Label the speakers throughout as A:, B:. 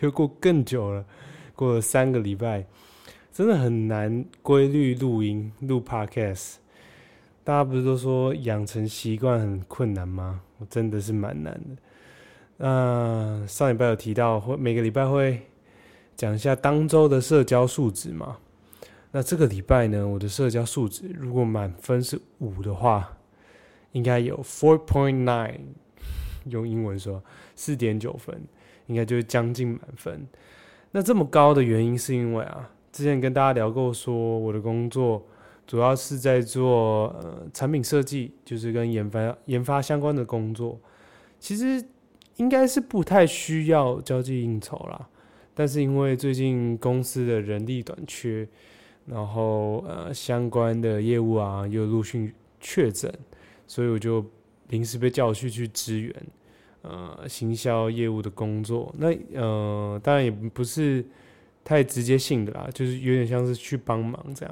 A: 又過更久了，過了三個禮拜，真的很難規律錄音錄 Podcast。大家不是都說養成習慣很困難嗎？我真的是蠻難的。那、呃、上禮拜有提到會每個禮拜會講一下當周的社交數值嘛。那這個禮拜呢，我的社交數值如果滿分是五的話，應該有 four point nine，用英文說四點九分。應該就是將近滿分。那這麼高的原因是因為啊，之前跟大家聊過，說我的工作主要是在做呃產品設計，就是跟研發研發相關的工作，其實應該是不太需要交際應酬啦。但是因為最近公司的人力短缺，然後呃相關的業務啊又陸續確診，所以我就臨時被叫去去支援。呃，行銷業務的工作，那呃，當然也不是太直接性的啦，就是有點像是去幫忙這樣。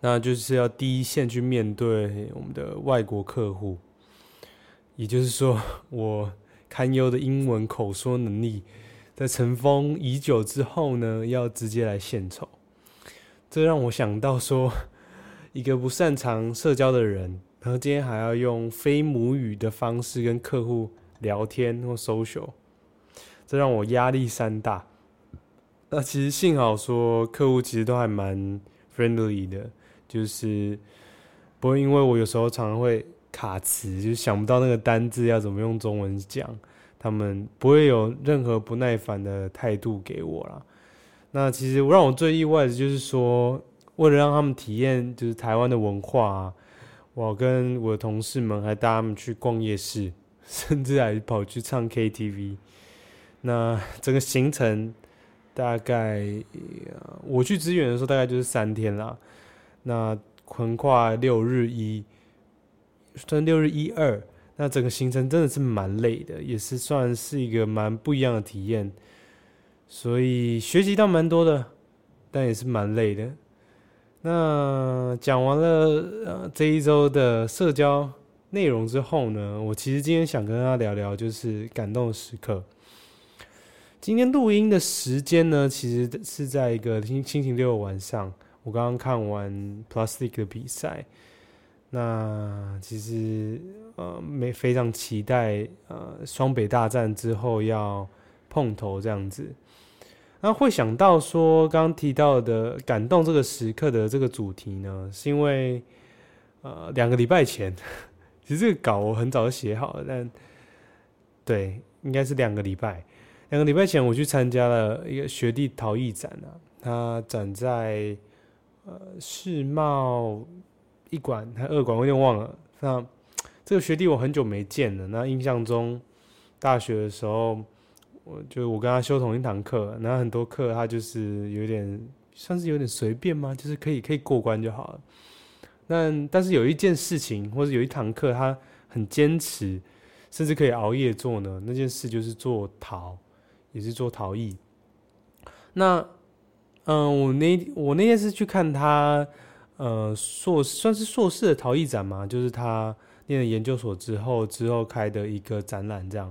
A: 那就是要第一線去面對我們的外國客戶，也就是說，我堪憂的英文口說能力，在塵封已久之後呢，要直接來獻醜。這讓我想到說，一個不擅長社交的人。然後今天還要用非母語的方式跟客戶聊天或 social，這讓我壓力山大。那其實幸好說客戶其實都還蠻 friendly 的，就是不會因為我有時候常常會卡詞，就想不到那個單字要怎麼用中文講，他們不會有任何不耐煩的態度給我啦。那其實讓我最意外的就是說，為了讓他們體驗就是台灣的文化啊。我跟我的同事們還帶他們去逛夜市，甚至還跑去唱 KTV。那整個行程大概我去支援的時候，大概就是三天啦。那橫跨六日一，算六日一二。那整個行程真的是蠻累的，也是算是一個蠻不一樣的體驗。所以學習到蠻多的，但也是蠻累的。那講完了呃這一周的社交內容之後呢，我其實今天想跟大家聊聊就是感動時刻。今天錄音的時間呢，其實是在一個星星期六晚上，我剛剛看完 plastic 的比賽。那其實呃沒非常期待呃雙北大戰之後要碰頭這樣子。那、啊、會想到說，剛剛提到的感動這個時刻的這個主題呢，是因為，呃，兩個禮拜前，其實這個稿我很早就寫好了，但對，應該是兩個禮拜，兩個禮拜前我去參加了一個學弟陶藝展啊，他展在呃世貿一館，還二館我有點忘了。那這個學弟我很久沒見了，那印象中大學的時候。就我跟他修同一堂課，然後很多課他就是有點算是有點隨便嘛，就是可以可以過關就好了。那但，但是有一件事情或者有一堂課他很堅持，甚至可以熬夜做呢。那件事就是做陶，也是做陶藝。那嗯、呃，我那我那天是去看他呃碩算是碩士的陶藝展嘛，就是他念了研究所之後之後開的一個展覽這樣。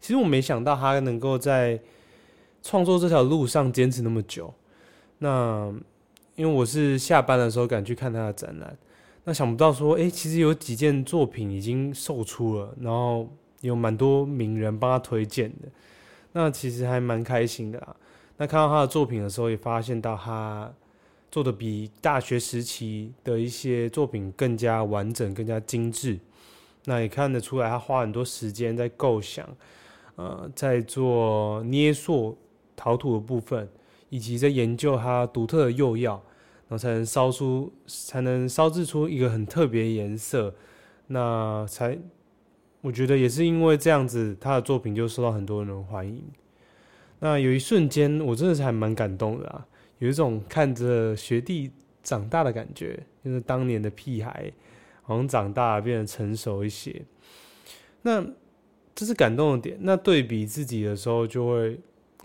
A: 其實我沒想到他能夠在創作這條路上堅持那麼久。那因為我是下班的時候趕去看他的展覽，那想不到說，誒，其實有幾件作品已經售出了，然後有蠻多名人幫他推薦的。那其實還蠻開心的啦、啊。那看到他的作品的時候，也發現到他做得比大學時期的一些作品更加完整、更加精致。那也看得出來，他花很多時間在構想。呃，在做捏塑陶土的部分，以及在研究它獨特的釉藥，然後才能燒出，才能燒制出一個很特別的顏色。那才，我覺得也是因為這樣子，他的作品就受到很多人的歡迎。那有一瞬間，我真的是還蠻感動的啊，有一種看着學弟長大的感覺，就是當年的屁孩，好像長大變得成，成熟一些。那。這是感動的點。那對比自己的時候，就會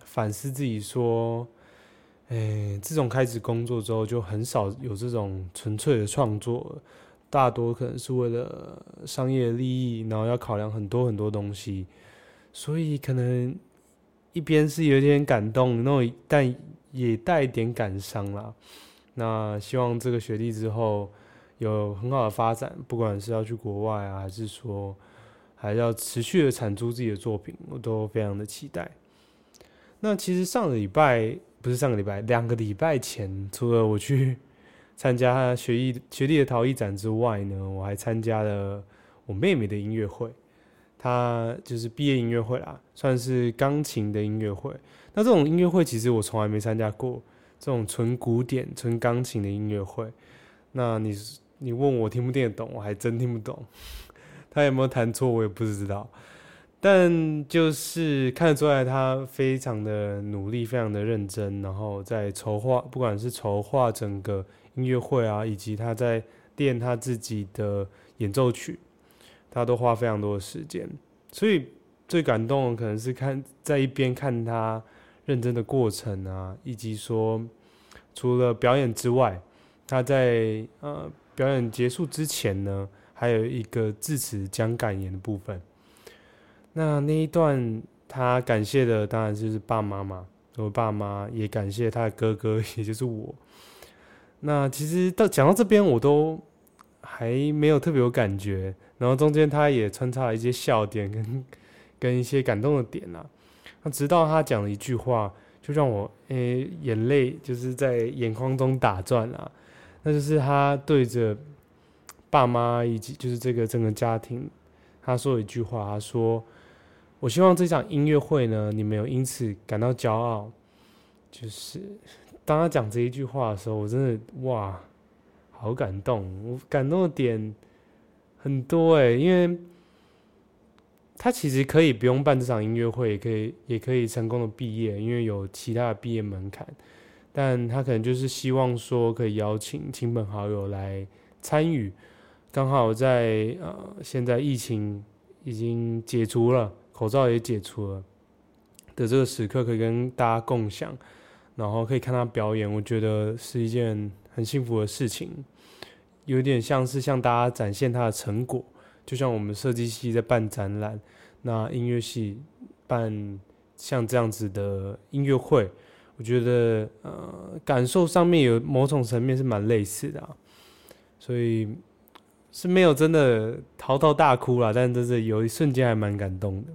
A: 反思自己說：“哎、欸，自從開始工作之後，就很少有這種純粹的創作，大多可能是為了商業利益，然後要考量很多很多東西。所以可能一邊是有點感動那種，那但也帶一點感傷啦。”那希望這個學歷之後有很好的發展，不管是要去國外啊，還是說……還要持續的產出自己的作品，我都非常的期待。那其實上個禮拜不是上個禮拜，兩個禮拜前，除了我去參加學藝學弟的陶藝展之外呢，我還參加了我妹妹的音樂會，她就是畢業音樂會啦，算是鋼琴的音樂會。那這種音樂會其實我從來沒參加過，這種純古典、純鋼琴的音樂會。那你你問我聽不聽得懂，我還真聽不懂。他有沒有彈錯，我也不知道，但就是看得出來，他非常的努力，非常的認真，然後在籌劃，不管是籌劃整個音樂會啊，以及他在練他自己的演奏曲，他都花非常多的時間。所以最感動的可能是看在一邊看他認真的過程啊，以及說除了表演之外，他在呃表演結束之前呢。還有一個致辭講感言的部分，那那一段他感謝的當然就是爸媽嘛，我爸媽也感謝他的哥哥，也就是我。那其實到講到這邊我都還沒有特別有感覺，然後中間他也穿插了一些笑點跟跟一些感動的點啊。那直到他講了一句話，就讓我誒、欸、眼淚就是在眼眶中打轉啊，那就是他對着。爸媽以及就是這個整個家庭，他說了一句話，他說：“我希望這場音樂會呢，你沒有因此感到驕傲。”就是當他講這一句話的時候，我真的哇，好感動！我感動的點很多哎，因為他其實可以不用辦這場音樂會，也可以也可以成功的畢業，因為有其他的畢業門檻，但他可能就是希望說可以邀請親朋好友來參與。剛好在呃，現在疫情已經解除了，口罩也解除了的這個時刻，可以跟大家共享，然後可以看他表演，我覺得是一件很幸福的事情。有點像是向大家展現他的成果，就像我們設計系在辦展覽，那音樂系辦像這樣子的音樂會，我覺得呃，感受上面有某種層面是蠻類似的啊，所以。是沒有真的嚎啕大哭啦，但真是有一瞬間還蠻感動的。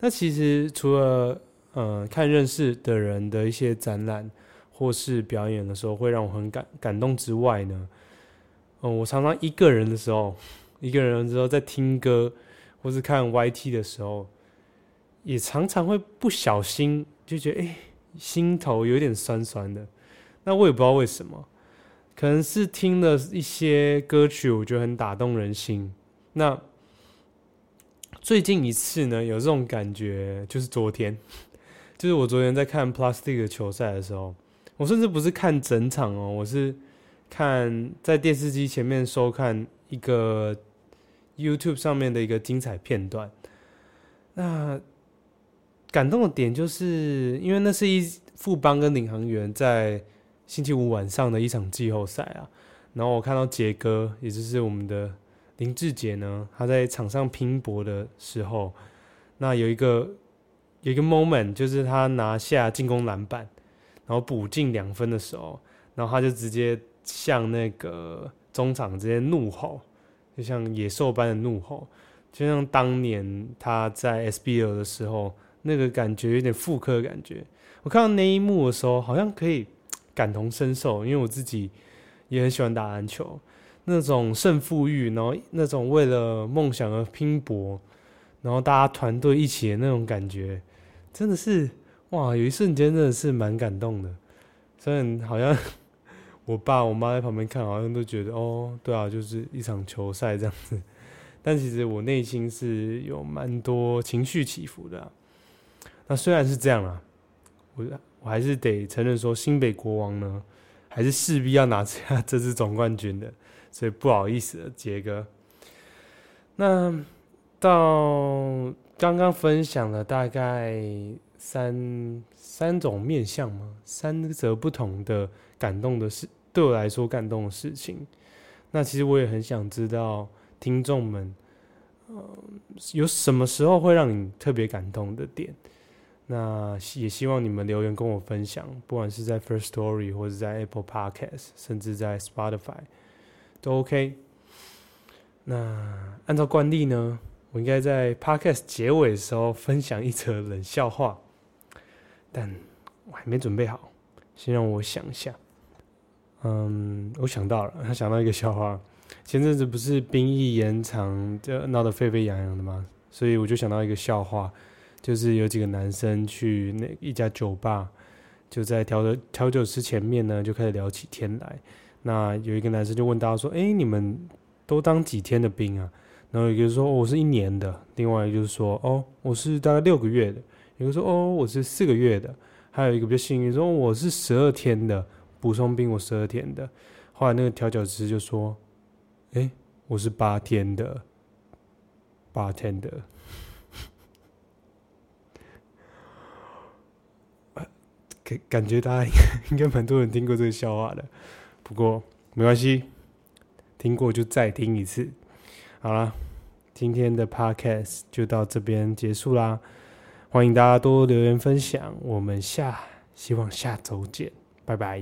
A: 那其實除了嗯、呃、看認識的人的一些展覽或是表演的時候，會讓我很感感動之外呢，嗯、呃，我常常一個人的時候，一個人的時候在聽歌或是看 YT 的時候，也常常會不小心就覺得哎、欸、心頭有點酸酸的，那我也不知道為什麼。可能是聽了一些歌曲，我覺得很打動人心。那最近一次呢，有這種感覺就是昨天，就是我昨天在看 Plastic 球賽的時候，我甚至不是看整場哦，我是看在電視機前面收看一個 YouTube 上面的一個精彩片段。那感動的點就是因為那是一富邦跟領航員在。星期五晚上的一場季後賽啊，然後我看到傑哥，也就是我們的林志傑呢，他在場上拼搏的時候，那有一個有一個 moment，就是他拿下進攻籃板，然後補進兩分的時候，然後他就直接向那個中場直接怒吼，就像野獸般的怒吼，就像當年他在 SBL 的時候那個感覺有點復刻的感覺。我看到那一幕的時候，好像可以。感同身受，因為我自己也很喜歡打籃球，那種勝負欲，然後那種為了夢想而拼搏，然後大家團隊一起的那種感覺，真的是哇，有一瞬間真的是蠻感動的。雖然好像我爸我媽在旁邊看，好像都覺得哦，對啊，就是一場球賽這樣子。但其實我內心是有蠻多情緒起伏的啊。那雖然是這樣啦啊，我。我還是得承認說，新北國王呢，還是勢必要拿下這次總冠軍的，所以不好意思，傑哥。那到剛剛分享了大概三三種面向嘛，三則不同的感動的事，對我來說感動的事情。那其實我也很想知道，聽眾們，呃，有什麼時候會讓你特別感動的點？那也希望你們留言跟我分享，不管是在 First Story 或者是在 Apple Podcast，甚至在 Spotify 都 OK。那按照慣例呢，我應該在 Podcast 結尾的時候分享一則冷笑話，但我還沒準備好，先讓我想一下。嗯，我想到了，他想到一個笑話。前陣子不是兵役延長，就鬧得沸沸揚揚的嘛，所以我就想到一個笑話。就是有幾個男生去那一家酒吧，就在調酒調酒師前面呢，就開始聊起天來。那有一個男生就問大家說：“欸，你們都當幾天的兵啊？”然後一個說：“哦，我是一年的。”另外一個就說：“哦，我是大概六個月的。”一個說：“哦，我是四個月的。”還有一個比較幸運說：“我是十二天的補充兵，我十二天的。”後來那個調酒師就說：“欸，我是八天的八天的。”感覺大家應該，應該蠻多人聽過這個笑話的，不過沒關係，聽過就再聽一次。好啦，今天的 podcast 就到這邊結束啦，歡迎大家多留言分享，我們下，希望下週見，拜拜。